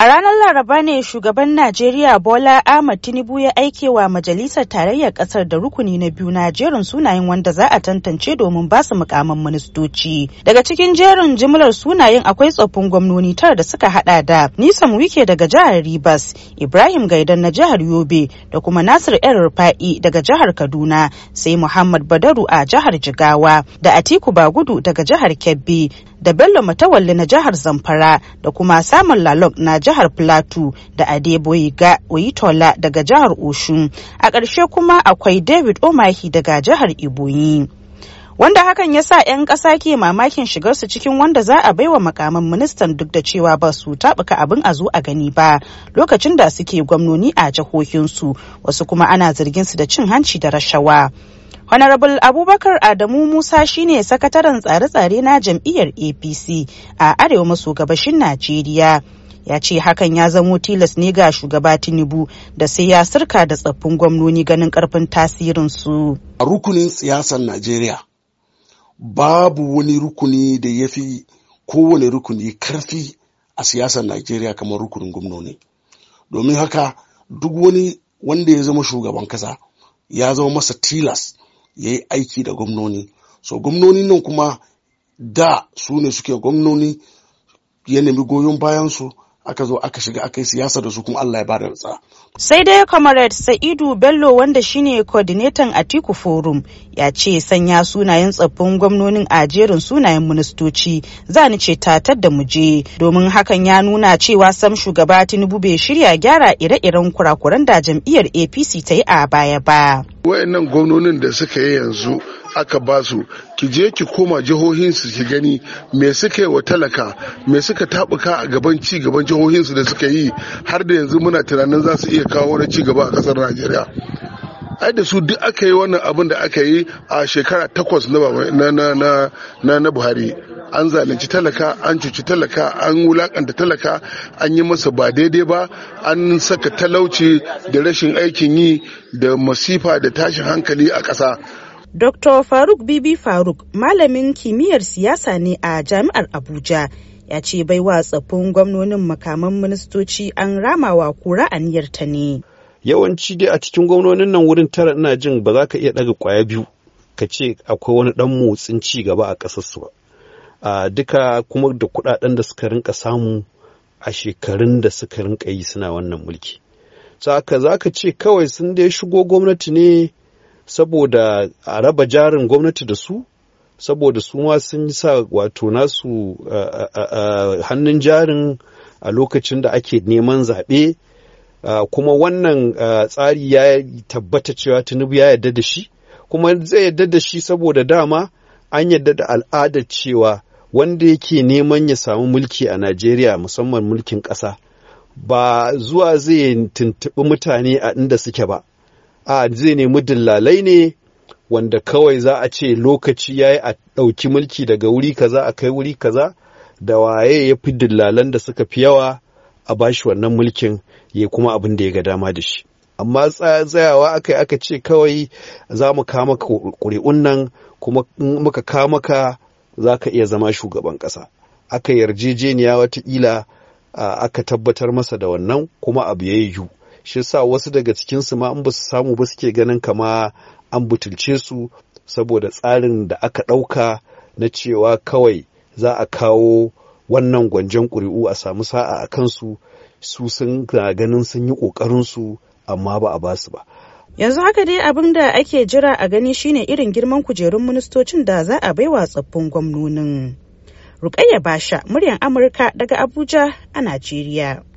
A ranar Laraba ne shugaban Najeriya Bola Ahmad Tinubu ya aike wa Majalisar Tarayyar Ƙasar da rukuni na biyu na jerin sunayen wanda za a tantance domin ba su mukamin ministoci. Daga cikin jerin jimlar sunayen akwai tsoffin gwamnoni tara da suka hada da Nisan Wike daga jihar Ribas, Ibrahim Gaidan na jihar Yobe da kuma Nasir El Rufa'i daga jihar Kaduna, sai Muhammad Badaru a jihar Jigawa da Atiku Bagudu daga jihar Kebbi da Bello matawalli na jihar Zamfara da kuma Samun Lalok na jihar Plateau da Adeboyiga Oyitola daga jihar Oshun. A ƙarshe kuma akwai David Omahi daga jihar ibuyi wanda hakan ya sa 'yan ƙasa ke mamakin shigar su cikin wanda za a baiwa makaman ministan duk da cewa ba su taɓuka abin a zo a gani ba lokacin da suke gwamnoni a jihohinsu wasu kuma ana zargin su da cin hanci da rashawa. Honorable Abubakar Adamu Musa shine sakataren tsare-tsare na jam'iyyar APC a arewa maso gabashin Najeriya. ya ce hakan ya zamo tilas ne ga shugaba tinubu da sai ya sirka da tsaffin gwamnoni ganin karfin tasirinsu a rukunin siyasar najeriya babu wani rukuni da ya fi kowane rukuni karfi a siyasar najeriya kamar rukunin gwamnoni domin haka duk wani wanda ya zama shugaban kasa ya zama masa tilas ya yi aiki da gwamnoni so gwamnoni nan kuma da su ne suke gwamnoni ya nemi goyon bayansu aka zo aka shiga aka yi siyasa da su kuma Allah ya ba da tsa. Sai dai Comrade Sa'idu Bello wanda shine coordinator Atiku Forum ya ce sanya sunayen tsaffin gwamnonin a jerin sunayen ministoci za ni ce tatar da muje domin hakan ya nuna cewa sam shugaba Tinubu bai shirya gyara ire-iren kurakuran da jam'iyyar APC ta yi a baya ba. Wayannan gwamnonin da suka yi yanzu aka ba su ki je ki koma jihohinsu ki gani me suka yi wa talaka me suka tabuka a gaban ci gaban jihohinsu da suka yi har da yanzu muna tunanin za su iya kawo wani ci gaba a kasar najeriya ai da su duk aka yi wannan abin da aka yi a shekara takwas na buhari an zalunci talaka an cuci talaka an wulakanta talaka an yi masa ba daidai ba an saka talauci da rashin aikin yi da masifa da tashin hankali a ƙasa Dr. Faruk Bibi Faruk malamin kimiyyar siyasa ne a jami'ar Abuja ya ce bai wa tsaffin gwamnonin makaman ministoci an ramawa kura ta ne. Yawanci dai a cikin gwamnonin nan wurin tara ina jin ba za ka iya ɗaga kwaya biyu ka ce akwai wani ɗan motsin ci gaba a ƙasarsu ba. A duka kuma da kuɗaɗen da suka rinka samu a shekarun da suka rinka yi suna wannan mulki. Saka za ka ce kawai sun dai shigo gwamnati ne saboda a raba jarin gwamnati da su saboda su ma sun yi sa wato nasu hannun jarin a lokacin da ake neman zaɓe kuma wannan tsari ya tabbata cewa tinubu ya yarda da shi kuma zai yarda da shi saboda dama an yarda da al'adar cewa wanda yake neman ya samu mulki a najeriya musamman mulkin ƙasa ba zuwa zai tuntuɓi mutane a inda suke ba a zai nemi dillalai ne wanda kawai za a ce lokaci ya yi a ɗauki mulki daga wuri kaza a kai wuri kaza da waye ya fi dillalan da suka fi yawa a bashi wannan mulkin ya kuma abin da ya ga dama da shi amma tsayawa aka yi aka ce kawai za mu kama ƙuri'un nan kuma muka kama ka za ka iya zama shugaban ƙasa aka yarjejeniya watakila aka tabbatar masa da wannan kuma abu ya yi shi sa wasu daga cikinsu ma in ba su samu ba suke ganin kama an butulce su saboda tsarin da aka ɗauka na cewa kawai za a kawo wannan gwanjan ƙuri'u a samu sa'a a kansu su sun ganin sun yi su amma ba a ba su ba. yanzu haka dai abin da ake jira a gani shine irin girman kujerun ministocin da za a baiwa tsaffin gwamnonin. Rukayya Basha, muryan Amurka daga Abuja a Najeriya.